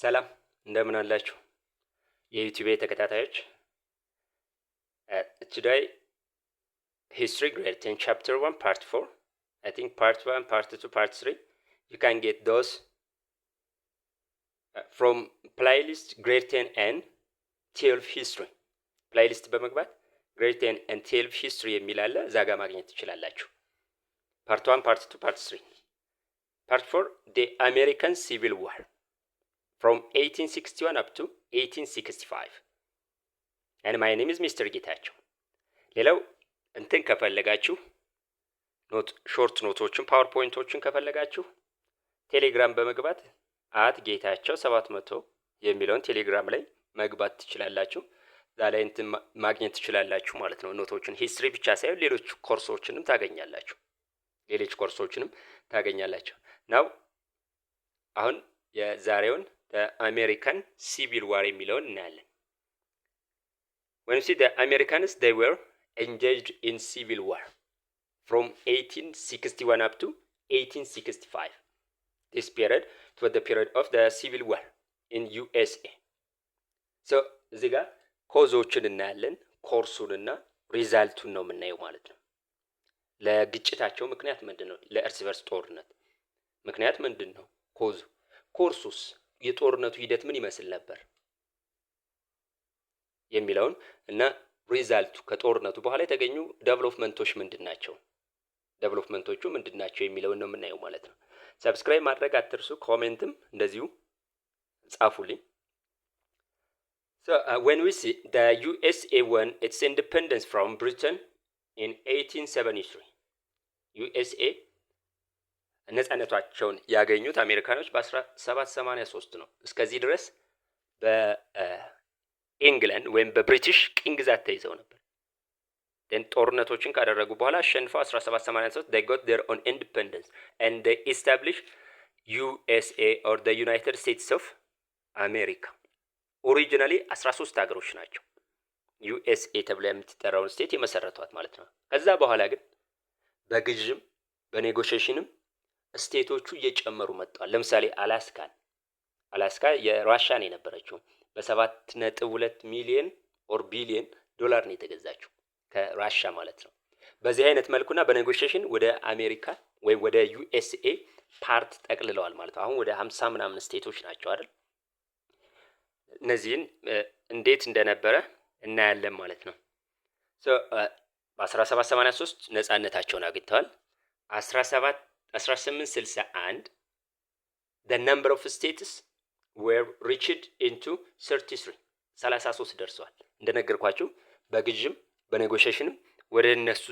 ሰላም እንደምን አላችሁ የዩቲዩብ ተከታታዮች። ቱዳይ ሂስትሪ ግሬድ ቴን ቻፕተር ዋን ፓርት ፎር አይ ቲንክ ፓርት ዋን ፓርት ቱ ፓርት ትሪ ዩ ካን ጌት ዶስ ፍሮም ፕላይሊስት ግሬድ ቴን ኤን ቴልፍ ሂስትሪ ፕላይሊስት በመግባት ግሬድ ቴን ኤን ቴልፍ ሂስትሪ የሚል አለ እዛ ጋር ማግኘት ትችላላችሁ። ፓርት ዋን ፓርት ቱ ፓርት ትሪ ፓርት ፎር ዴ አሜሪካን ሲቪል ዋር from 1861 up to 1865 and my name is Mr. ጌታቸው። ሌላው እንትን ከፈለጋችሁ ኖት ሾርት ኖቶችን ፓወርፖይንቶችን ከፈለጋችሁ ቴሌግራም በመግባት አት ጌታቸው መቶ የሚለውን ቴሌግራም ላይ መግባት ትችላላችሁ። እዛ ላይ እንትን ማግኘት ትችላላችሁ ማለት ነው። ኖቶችን ሂስትሪ ብቻ ሳይሆን ሌሎች ኮርሶችንም ታገኛላችሁ። ሌሎች ኮርሶችንም ታገኛላችሁ። ናው አሁን የዛሬውን አሜሪካን ሲቪል ዋር የሚለውን እናያለን። ወይም ሲ አሜሪካንስ ዴይ ዌር ኤንጌጅድ ኢን ሲቪል ዋር ፍሮም 1861 አፕ ቱ 1865 ዲስ ፒሪድ ቱ ደ ፒሪድ ኦፍ ደ ሲቪል ዋር ኢን ዩኤስኤ ሶ እዚህ ጋር ኮዞችን እናያለን። ኮርሱንና ሪዛልቱን ነው የምናየው ማለት ነው። ለግጭታቸው ምክንያት ምንድን ነው? ለእርስ በርስ ጦርነት ምክንያት ምንድን ነው? ኮዙ ኮርሱስ የጦርነቱ ሂደት ምን ይመስል ነበር የሚለውን እና ሪዛልቱ ከጦርነቱ በኋላ የተገኙ ደቨሎፕመንቶች ምንድን ናቸው፣ ደቨሎፕመንቶቹ ምንድን ናቸው የሚለውን ነው የምናየው ማለት ነው። ሰብስክራይብ ማድረግ አትርሱ። ኮሜንትም እንደዚሁ ጻፉልኝ። ዌን ዊ ሲ ደ ዩኤስኤ ወን ኢትስ ኢንዲፔንደንስ ፍሮም ብሪተን ኢን 1873 ዩኤስኤ ነጻነቷቸውን ያገኙት አሜሪካኖች በ1783 ነው። እስከዚህ ድረስ በኢንግላንድ ወይም በብሪቲሽ ቅኝ ግዛት ተይዘው ነበር። ን ጦርነቶችን ካደረጉ በኋላ አሸንፈው 1783 they ጎት their own ኢንዲፐንደንስ and they establish USA or the United States of America ኦሪጂናሊ 13 ሀገሮች ናቸው ዩኤስኤ ተብላ የምትጠራውን ስቴት የመሰረቷት ማለት ነው። ከዛ በኋላ ግን በግዥም በኔጎሽሽንም ስቴቶቹ እየጨመሩ መጥተዋል። ለምሳሌ አላስካን አላስካ የራሻን የነበረችው በሰባት ነጥብ ሁለት ሚሊዮን ኦር ቢሊዮን ዶላር ነው የተገዛችው ከራሻ ማለት ነው። በዚህ አይነት መልኩና በኔጎሽሽን ወደ አሜሪካ ወይም ወደ ዩኤስኤ ፓርት ጠቅልለዋል ማለት ነው። አሁን ወደ ሀምሳ ምናምን ስቴቶች ናቸው አይደል? እነዚህን እንዴት እንደነበረ እናያለን ማለት ነው። በ1783 ነጻነታቸውን አግኝተዋል። 17 1861 the number of states were reached into 33 33 ደርሰዋል። እንደነገርኳችሁ በግዥም በኔጎሽሽንም ወደ እነሱ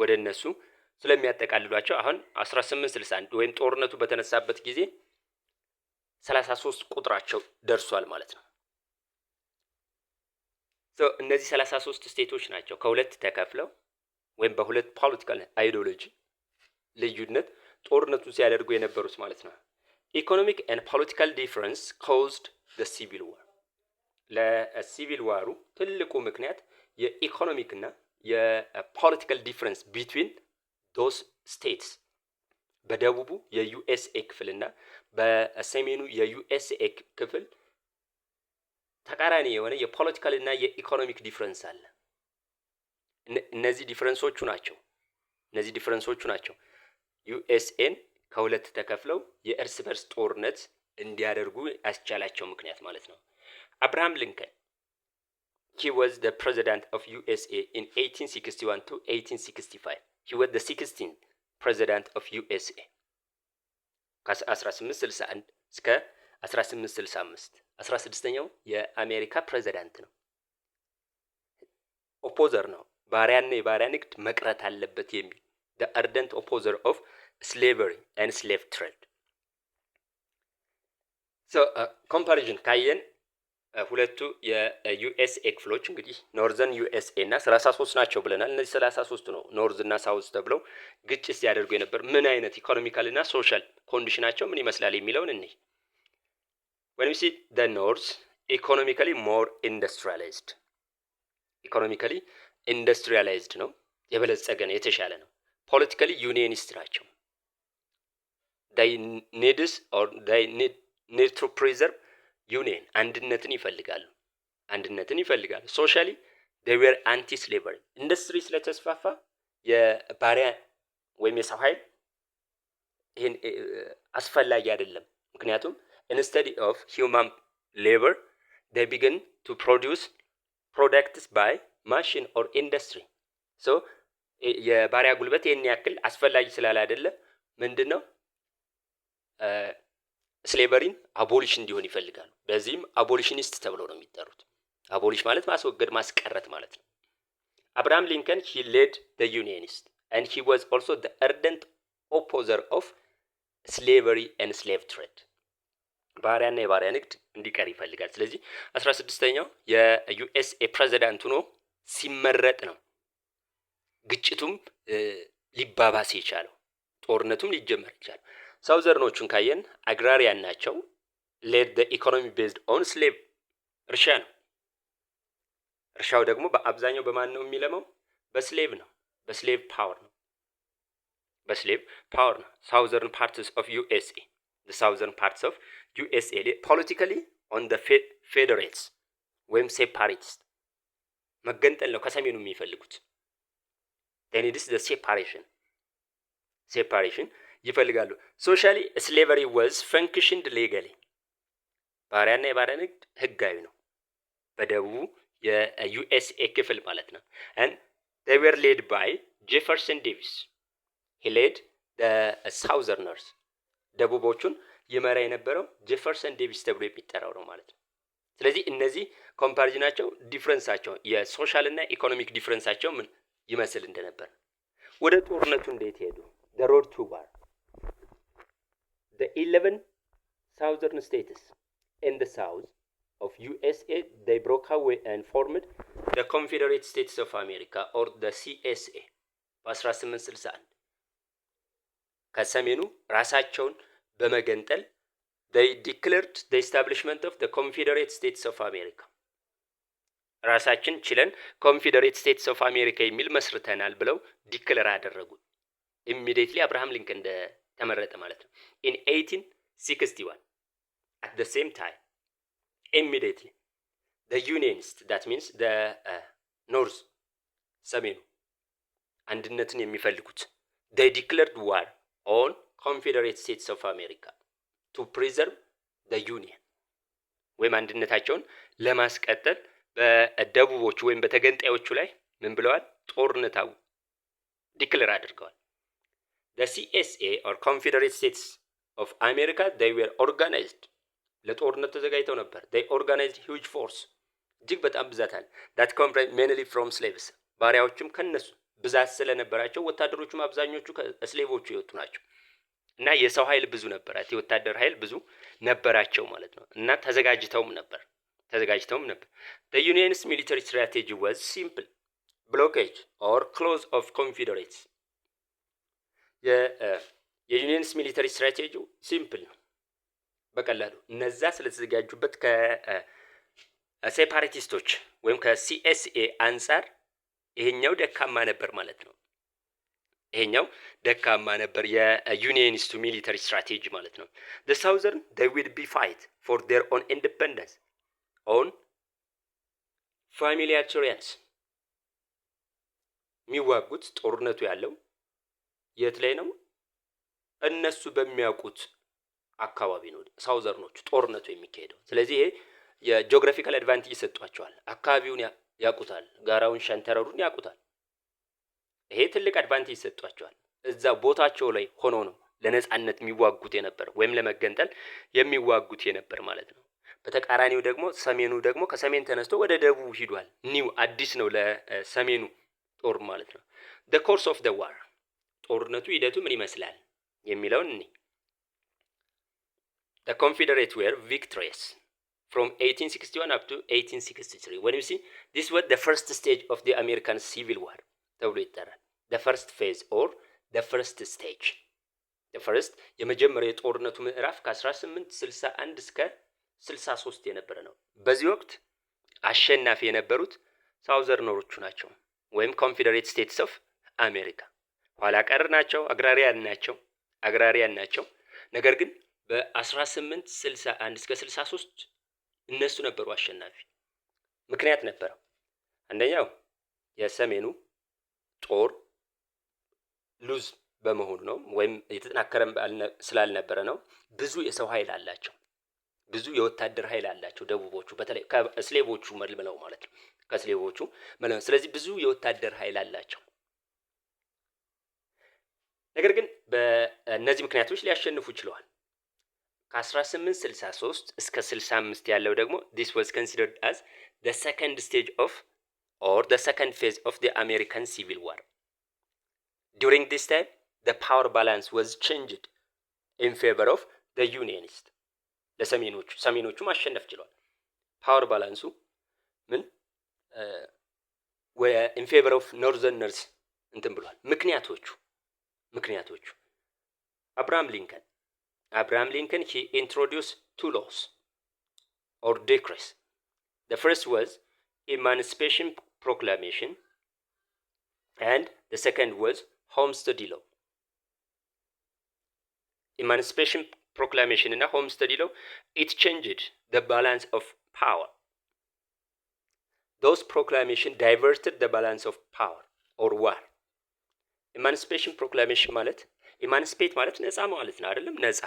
ወደ እነሱ ስለሚያጠቃልሏቸው አሁን 1861 ወይም ጦርነቱ በተነሳበት ጊዜ 33 ቁጥራቸው ደርሷል ማለት ነው። እነዚህ 33 ስቴቶች ናቸው ከሁለት ተከፍለው ወይም በሁለት ፖለቲካል አይዲዮሎጂ ልዩነት ጦርነቱን ሲያደርጉ የነበሩት ማለት ነው። ኢኮኖሚክ ኤንድ ፖለቲካል ዲፍረንስ ኮዝድ ደ ሲቪል ዋር። ለሲቪል ዋሩ ትልቁ ምክንያት የኢኮኖሚክ እና የፖለቲካል ዲፍረንስ ቢትዊን ዶስ ስቴትስ በደቡቡ የዩኤስኤ ክፍልና በሰሜኑ የዩኤስኤ ክፍል ተቃራኒ የሆነ የፖለቲካል እና የኢኮኖሚክ ዲፍረንስ አለ። እነዚህ ዲፍረንሶቹ ናቸው። እነዚህ ዲፍረንሶቹ ናቸው ዩኤስኤን ከሁለት ተከፍለው የእርስ በርስ ጦርነት እንዲያደርጉ ያስቻላቸው ምክንያት ማለት ነው። አብርሃም ሊንከን ሂ ወዝ ዘ ፕሬዚዳንት ኦፍ ዩኤስኤ ኢን 1861 ቱ 1865 ሂ ዋዝ ዘ 16 ፕሬዚዳንት ኦፍ ዩኤስኤ ከ1861 እስከ 1865 16ኛው የአሜሪካ ፕሬዚዳንት ነው። ኦፖዘር ነው። ባሪያና የባሪያ ንግድ መቅረት አለበት የሚል the ardent opposer of slavery and slave trade ኮምፓሪዥን uh, ካየን uh, ሁለቱ የዩኤስኤ uh, ክፍሎች እንግዲህ ኖርዘርን ዩኤስኤ እና ሰላሳ ሶስት ናቸው ብለናል። እነዚህ ሰላሳ ሶስት ነው ኖርዝ እና ሳውዝ ተብለው ግጭት ሲያደርጉ የነበር ምን አይነት ኢኮኖሚካል እና ሶሻል ኮንዲሽናቸው ምን ይመስላል የሚለውን እኒህ ወይም ሲ ደ ኖርዝ ኢኮኖሚካሊ ሞር ኢንዱስትሪያላይዝድ ኢኮኖሚካሊ ኢንዱስትሪያላይዝድ ነው፣ የበለጸገ ነው፣ የተሻለ ነው። ፖለቲካሊ ዩኒየኒስት ናቸው። ዳይ ኒድስ ኦር ዳይ ኒድ ቱ ፕሪዘርቭ ዩኒየን አንድነትን ይፈልጋሉ። አንድነትን ይፈልጋሉ። ሶሻሊ ዴይ ዌር አንቲ ስሌቨሪ ኢንዱስትሪ ስለተስፋፋ የባሪያ ወይም የሰው ኃይል ይህን አስፈላጊ አይደለም። ምክንያቱም ኢንስተዲ ኦፍ ሂውማን ሌበር ዴይ ቢግን ቱ ፕሮዲውስ ፕሮዳክትስ ባይ ማሽን ኦር ኢንዱስትሪ ሶ የባሪያ ጉልበት ይህን ያክል አስፈላጊ ስላል አይደለ ምንድን ነው ስሌቨሪን አቦሊሽ እንዲሆን ይፈልጋሉ። በዚህም አቦሊሽኒስት ተብለው ነው የሚጠሩት። አቦሊሽ ማለት ማስወገድ፣ ማስቀረት ማለት ነው። አብርሃም ሊንከን ሂ ሌድ ደ ዩኒየኒስት ን ሂ ወዝ ኦልሶ ደ ኦፖዘር ኦፍ ስሌቨሪ ን ስሌቭ ትሬድ ባሪያና የባሪያ ንግድ እንዲቀር ይፈልጋል። ስለዚህ አስራ ስድስተኛው የዩኤስኤ ፕሬዚዳንት ሆኖ ሲመረጥ ነው ግጭቱም ሊባባስ የቻለው ጦርነቱም ሊጀመር የቻለው ሳውዘርኖቹን ካየን አግራሪያን ናቸው። ሌድ ኢኮኖሚ ቤዝድ ኦን ስሌቭ እርሻ ነው። እርሻው ደግሞ በአብዛኛው በማን ነው የሚለመው? በስሌቭ ነው። በስሌቭ ፓወር ነው። በስሌቭ ፓወር ነው። ሳውዘርን ፓርትስ ኦፍ ዩኤስኤ ሳውዘርን ፓርትስ ኦፍ ዩኤስኤ ፖለቲካሊ ኦን ደ ፌዴሬትስ ወይም ሴፓሬትስ መገንጠል ነው ከሰሜኑ የሚፈልጉት። ኒድስ ሴፓሬሽን ሴፓሬሽን ይፈልጋሉ። ሶሻሊ ስሌቨሪ ወዝ ፈንክሽንድ ሌገሊ ባሪያና የባሪያ ንግድ ህጋዊ ነው በደቡቡ የዩኤስኤ ክፍል ማለት ነው። ን ዌር ሌድ ባይ ጄፈርሰን ዴቪስ ሂሌድ ሳውዘርነርስ ደቡቦቹን ይመራ የነበረው ጄፈርሰን ዴቪስ ተብሎ የሚጠራው ነው ማለት ነው። ስለዚህ እነዚህ ኮምፓሪዝናቸው ዲፍረንሳቸው የሶሻል እና ኢኮኖሚክ ዲፍረንሳቸው ምን ይመስል እንደነበር። ወደ ጦርነቱ እንዴት ሄዱ? ዘ ሮድ ቱ ዋር ዘ ኢሌቨን ሳውዘርን ስቴትስ ኤንድ ዘ ሳውዝ ኦፍ ዩኤስኤ ዘይ ብሮክ አዌይ ኤንድ ፎርምድ ዘ ኮንፌዴሬት ስቴትስ ኦፍ አሜሪካ ኦር ዘ ሲኤስኤ በ1861 ከሰሜኑ ራሳቸውን በመገንጠል ዘይ ዲክለርድ ዘ ኢስታብሊሽመንት ኦፍ ዘ ኮንፌዴሬት ስቴትስ ኦፍ አሜሪካ ራሳችን ችለን ኮንፌዴሬት ስቴትስ ኦፍ አሜሪካ የሚል መስርተናል ብለው ዲክለር አደረጉ። ኢሚዲየትሊ አብርሃም ሊንከን እንደ ተመረጠ ማለት ነው። ኢን 1861 አት ዘ ሴም ታይም ኢሚዲየትሊ ዘ ዩኒየንስት ዳት ሚንስ ዘ ኖርዝ ሰሜኑ አንድነትን የሚፈልጉት ዘይ ዲክለርድ ዋር ኦን ኮንፌዴሬት ስቴትስ ኦፍ አሜሪካ ቱ ፕሪዘርቭ ዘ ዩኒየን ወይም አንድነታቸውን ለማስቀጠል በደቡቦቹ ወይም በተገንጣዮቹ ላይ ምን ብለዋል? ጦርነት ዲክለር አድርገዋል። ሲኤስኤ ኦር ኮንፌዴሬት ስቴትስ ኦፍ አሜሪካ ዴይ ዌር ኦርጋናይዝድ ለጦርነት ተዘጋጅተው ነበር። ዴይ ኦርጋናይዝድ ሂውጅ ፎርስ እጅግ በጣም ብዛት አለ። ዳት ኮም ሜንሊ ፍሮም ስሌቭስ ባሪያዎችም ከነሱ ብዛት ስለነበራቸው ወታደሮቹም አብዛኞቹ ከስሌቮቹ የወጡ ናቸው እና የሰው ኃይል ብዙ ነበራት፣ የወታደር ኃይል ብዙ ነበራቸው ማለት ነው እና ተዘጋጅተውም ነበር። ተዘጋጅተውም ነበር። ዘ ዩኒየንስ ሚሊተሪ ስትራቴጂ ወዝ ሲምፕል ብሎኬጅ ኦር ክሎዝ ኦፍ ኮንፌዴሬትስ። የዩኒየንስ ሚሊተሪ ስትራቴጂ ሲምፕል ነው፣ በቀላሉ እነዛ ስለተዘጋጁበት ከሴፓሬቲስቶች uh, uh, ወይም ከሲኤስኤ አንጻር ይሄኛው ደካማ ነበር ማለት ነው። ይሄኛው ደካማ ነበር የዩኒየኒስቱ ሚሊተሪ ስትራቴጂ ማለት ነው። ዘ ሳውዘርን ዴይ ዊድ ቢ ፋይት ፎር ዴር ኦን ኢንዲፐንደንስ ኦን ፋሚሊያቸሪያንስ የሚዋጉት ጦርነቱ ያለው የት ላይ ነው? እነሱ በሚያውቁት አካባቢ ነው። ሳውዘርኖቹ ጦርነቱ የሚካሄደው። ስለዚህ ይሄ የጂኦግራፊካል አድቫንቴጅ ይሰጧቸዋል። አካባቢውን ያውቁታል፣ ጋራውን፣ ሸንተረሩን ያውቁታል። ይሄ ትልቅ አድቫንቴጅ ይሰጧቸዋል። እዛ ቦታቸው ላይ ሆኖ ነው ለነጻነት የሚዋጉት የነበር ወይም ለመገንጠል የሚዋጉት የነበር ማለት ነው። በተቃራኒው ደግሞ ሰሜኑ ደግሞ ከሰሜን ተነስቶ ወደ ደቡብ ሂዷል። ኒው አዲስ ነው ለሰሜኑ ጦር ማለት ነው። ደ ኮርስ ኦፍ ደ ዋር ጦርነቱ ሂደቱ ምን ይመስላል የሚለውን እኔ ደ ኮንፌዴሬት ዌር ቪክትሪየስ ፍሮም 1861 አፕ ቱ 1863 ወይም ሲ ዲስ ወር ደ ፈርስት ስቴጅ ኦፍ ዲ አሜሪካን ሲቪል ዋር ተብሎ ይጠራል። ደ ፈርስት ፌዝ ኦር ደ ፈርስት ስቴጅ ደ ፈርስት የመጀመሪያው የጦርነቱ ምዕራፍ ከ1861 እስከ 63 የነበረ ነው። በዚህ ወቅት አሸናፊ የነበሩት ኖሮቹ ናቸው ወይም ኮንፌዴሬት ስቴትስ ኦፍ አሜሪካ። ኋላ ቀር ናቸው፣ አግራሪያን ናቸው፣ አግራሪያን ናቸው። ነገር ግን በ1861 እስከ 63 እነሱ ነበሩ አሸናፊ። ምክንያት ነበረው። አንደኛው የሰሜኑ ጦር ሉዝ በመሆኑ ነው፣ ወይም የተጠናከረ ስላልነበረ ነው። ብዙ የሰው ኃይል አላቸው። ብዙ የወታደር ኃይል አላቸው ደቡቦቹ፣ በተለይ ከስሌቦቹ መልምለው ማለት ነው፣ ከስሌቦቹ መልምለው። ስለዚህ ብዙ የወታደር ኃይል አላቸው። ነገር ግን በእነዚህ ምክንያቶች ሊያሸንፉ ይችለዋል ከ ከ1863 እስከ 65 ያለው ደግሞ ዲስ ዋዝ ኮንሲደርድ አዝ ደ ሰከንድ ስቴጅ ኦፍ ኦር ደ ፌዝ ኦፍ ደ አሜሪካን ሲቪል ዋር ዱሪንግ ዲስ ታይም ፓወር ባላንስ ዋዝ ቼንጅድ ኢን ፌቨር ኦፍ ደ ለሰሜኖቹ ሰሜኖቹ ማሸነፍ ችሏል። ፓወር ባላንሱ ምን ኢንፌቨር ኦፍ ኖርዘርነርስ እንትን ብሏል። ምክንያቶቹ ምክንያቶቹ አብርሃም ሊንከን አብርሃም ሊንከን ሂ ኢንትሮዲውስ ቱ ሎስ ኦር ዲክሪስ ዘ ፈርስት ዋዝ ኢማንስፔሽን ፕሮክላሜሽን አንድ ዘ ሰከንድ ዋዝ ሆምስቴድ ሎ ኢማንስፔሽን ፕሮክላሜሽን እና ሆም ስተዲ ለው ኢት ቼንጅድ ደ ባላንስ ኦፍ ፓወር ዶስ ፕሮክላሜሽን ዳይቨርትድ ደ ባላንስ ኦፍ ፓወር ኦር ዋር ኢማንስፔሽን ፕሮክላሜሽን ማለት ኢማንስፔት ማለት ነፃ ማለት ነው አይደለም ነፃ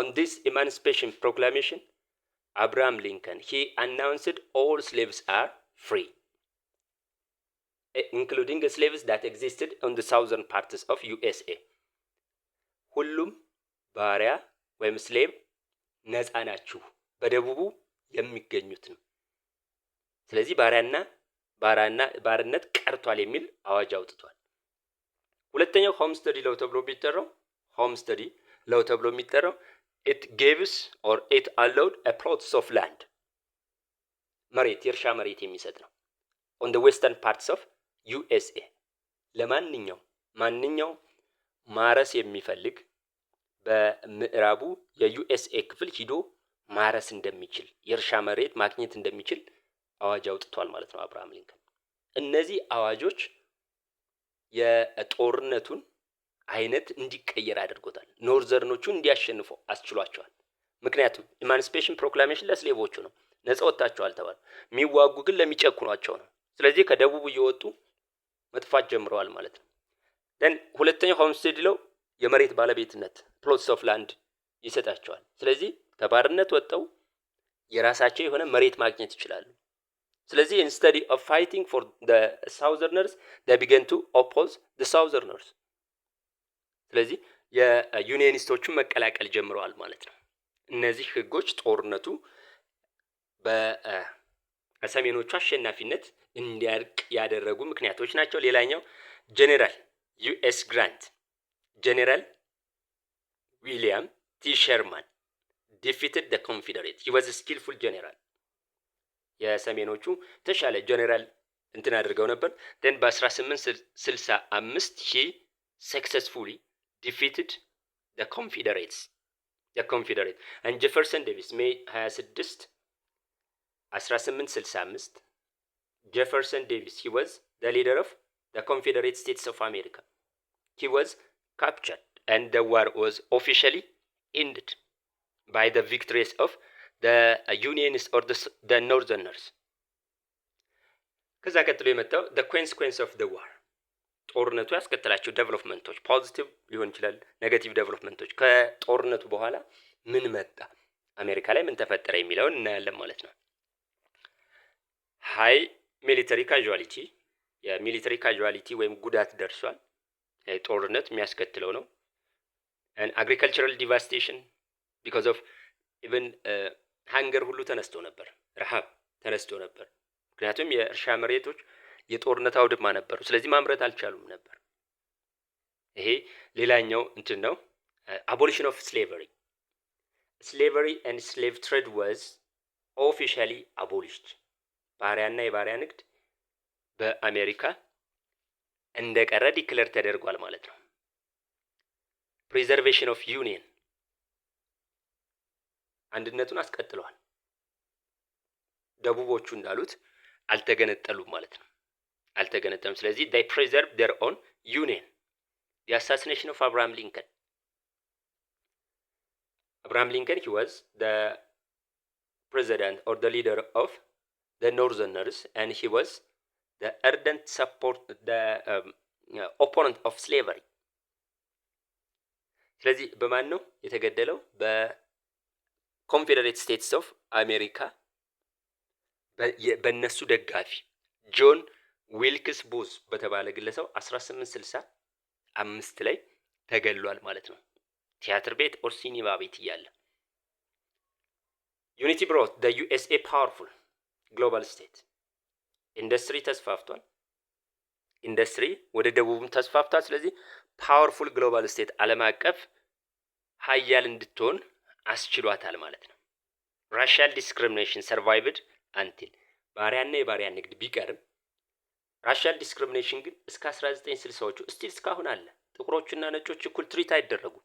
ኦን ዲስ ኢማንስፔሽን ፕሮክላሜሽን አብርሃም ሊንከን ሂ አናውንስድ ኦል ስሌቭስ አር ፍሪ ኢንክሉዲንግ ስሌቭስ ዳት ኤግዚስትድ ኦን ዘ ሳውዘርን ፓርትስ ኦፍ ዩኤስኤ ሁሉም ባሪያ ወይም ስሌም ነፃ ናችሁ በደቡቡ የሚገኙት ነው። ስለዚህ ባሪያና ባራና ባርነት ቀርቷል የሚል አዋጅ አውጥቷል። ሁለተኛው ሆም ስተዲ ለው ተብሎ የሚጠራው ሆም ስተዲ ለው ተብሎ የሚጠራው ኢት ጌቭስ ኦር ኢት አሎድ አላውድ ፕሎትስ ኦፍ ላንድ መሬት የእርሻ መሬት የሚሰጥ ነው። ኦን ደ ዌስተርን ፓርትስ ኦፍ ዩኤስኤ ለማንኛው ማንኛው ማረስ የሚፈልግ በምዕራቡ የዩኤስኤ ክፍል ሂዶ ማረስ እንደሚችል የእርሻ መሬት ማግኘት እንደሚችል አዋጅ አውጥቷል ማለት ነው አብርሃም ሊንከን። እነዚህ አዋጆች የጦርነቱን አይነት እንዲቀየር አድርጎታል። ኖርዘርኖቹ እንዲያሸንፉ አስችሏቸዋል። ምክንያቱም ኢማንስፔሽን ፕሮክላሜሽን ለስሌቦቹ ነው፣ ነጻ ወጥታቸዋል ተባለ። የሚዋጉ ግን ለሚጨኩኗቸው ነው። ስለዚህ ከደቡብ እየወጡ መጥፋት ጀምረዋል ማለት ነው። ሁለተኛው ሆምስቴድ ለው የመሬት ባለቤትነት ፕሎትስ ኦፍ ላንድ ይሰጣቸዋል። ስለዚህ ከባርነት ወጥተው የራሳቸው የሆነ መሬት ማግኘት ይችላሉ። ስለዚህ ኢንስተዲ ኦፍ ፋይቲንግ ፎር ሳውዘርነርስ ቢገን ቱ ኦፖዝ ሳውዘርነርስ። ስለዚህ የዩኒየኒስቶቹን መቀላቀል ጀምረዋል ማለት ነው። እነዚህ ህጎች ጦርነቱ በሰሜኖቹ አሸናፊነት እንዲያርቅ ያደረጉ ምክንያቶች ናቸው። ሌላኛው ጄኔራል ዩኤስ ግራንት ጄኔራል ዊሊያም ቲ ሸርማን ዲፊትድ ደ ኮንፌዴሬት ሂ ዋዝ ስኪልፉል ጄኔራል። የሰሜኖቹ ተሻለ ጄኔራል እንትን አድርገው ነበር። ደን በ1865 ሂ ሰክሰስፉሊ ዲፊትድ ደ ኮንፌዴሬትስ የኮንፌዴሬት አንድ ጄፈርሰን ዴቪስ ሜይ 26 1865 ጄፈርሰን ዴቪስ ሂ ደ ሊደር ኦፍ ደ ኮንፌዴሬት ስቴትስ ኦፍ አሜሪካ ሂ captured, and the war was officially ended by the victories of the uh, Unionists or the, the Northerners። ከዛ ቀጥሎ የመጣው the consequence of the war ጦርነቱ ያስከተላቸው ዴቨሎፕመንቶች ፖዚቲቭ ሊሆን ይችላል፣ ኔጋቲቭ ዴቨሎፕመንቶች። ከጦርነቱ በኋላ ምን መጣ አሜሪካ ላይ ምን ተፈጠረ የሚለውን እናያለን ማለት ነው። ሀይ ሚሊተሪ ካዥዋሊቲ፣ የሚሊተሪ ካዥዋሊቲ ወይም ጉዳት ደርሷል። ጦርነት የሚያስከትለው ነው አግሪካልቸራል ዲቫስቴሽን ቢካዝ ኦፍ ኢቨን ሃንገር ሁሉ ተነስቶ ነበር፣ ረሃብ ተነስቶ ነበር። ምክንያቱም የእርሻ መሬቶች የጦርነት አውድማ ነበሩ። ስለዚህ ማምረት አልቻሉም ነበር። ይሄ ሌላኛው እንትን ነው። አቦሊሽን ኦፍ ስሌቨሪ ስሌቨሪ ኤንድ ስሌቭ ትሬድ ወዝ ኦፊሻሊ አቦሊሽድ። ባሪያና የባሪያ ንግድ በአሜሪካ እንደቀረ ዲክለር ተደርጓል ማለት ነው። ፕሪዘርቬሽን ኦፍ ዩኒየን አንድነቱን አስቀጥለዋል። ደቡቦቹ እንዳሉት አልተገነጠሉም ማለት ነው። አልተገነጠሉም። ስለዚህ ዳይ ፕሪዘርቭ ደር ኦን ዩኒየን አሳሲኔሽን ኦፍ አብርሃም ሊንከን አብርሃም ሊንከን ሂ ዋዝ ደ ፕሬዚዳንት ኦር ደ ሊደር ኦፍ ደ ኖርዘርነርስ ኤንድ ሂ ዋዝ the ardent support the um, uh, opponent of slavery። ስለዚህ በማን ነው የተገደለው? በኮንፌዴሬት ስቴትስ ኦፍ አሜሪካ በእነሱ ደጋፊ ጆን ዊልክስ ቡዝ በተባለ ግለሰብ 1860 አምስት ላይ ተገሏል ማለት ነው። ቲያትር ቤት ኦር ሲኒማ ቤት እያለ ዩኒቲ ብሮት ዩኤስኤ ፓወርፉል ግሎባል ስቴት ኢንዱስትሪ ተስፋፍቷል። ኢንዱስትሪ ወደ ደቡብም ተስፋፍቷል። ስለዚህ ፓወርፉል ግሎባል ስቴት ዓለም አቀፍ ሀያል እንድትሆን አስችሏታል ማለት ነው። ራሽያል ዲስክሪሚኔሽን ሰርቫይቭድ አንቲል ባሪያና የባሪያ ንግድ ቢቀርም ራሽያል ዲስክሪሚኔሽን ግን እስከ 19 ስልሳዎቹ እስቲል እስካሁን አለ። ጥቁሮቹና ነጮች እኩል ትሪት አይደረጉ።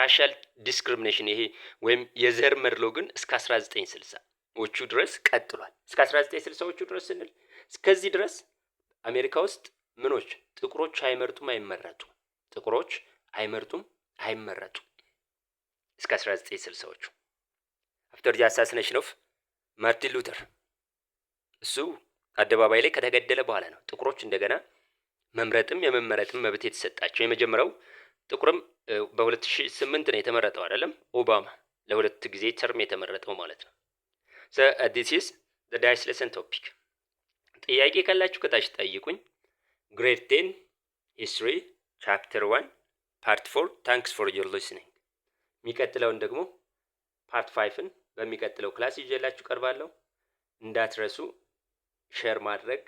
ራሽያል ዲስክሪሚኔሽን ይሄ ወይም የዘር መድሎ ግን እስከ 1960 ዎቹ ድረስ ቀጥሏል። እስከ 1960ዎቹ ድረስ ስንል እስከዚህ ድረስ አሜሪካ ውስጥ ምኖች ጥቁሮች አይመርጡም አይመረጡ ጥቁሮች አይመርጡም አይመረጡ እስከ 1960ዎቹ አፍተር አሳሲኔሽን ኦፍ ማርቲን ሉተር እሱ አደባባይ ላይ ከተገደለ በኋላ ነው ጥቁሮች እንደገና መምረጥም የመመረጥም መብት የተሰጣቸው። የመጀመሪያው ጥቁርም በ2008 ነው የተመረጠው አይደለም ኦባማ ለሁለት ጊዜ ተርም የተመረጠው ማለት ነው። ዲሲስ ዳሽ ሌሰን ቶፒክ ጥያቄ ካላችሁ ከታች ጠይቁኝ። ግሬድ ቴን ሂስትሪ ቻፕተር ዋን ፓርት ፎር ታንክስ ፎር ዮር ሊስኒንግ። የሚቀጥለውን ደግሞ ፓርት ፋይፍን በሚቀጥለው ክላስ ይዤላችሁ ቀርባለሁ። እንዳትረሱ ሼር ማድረግ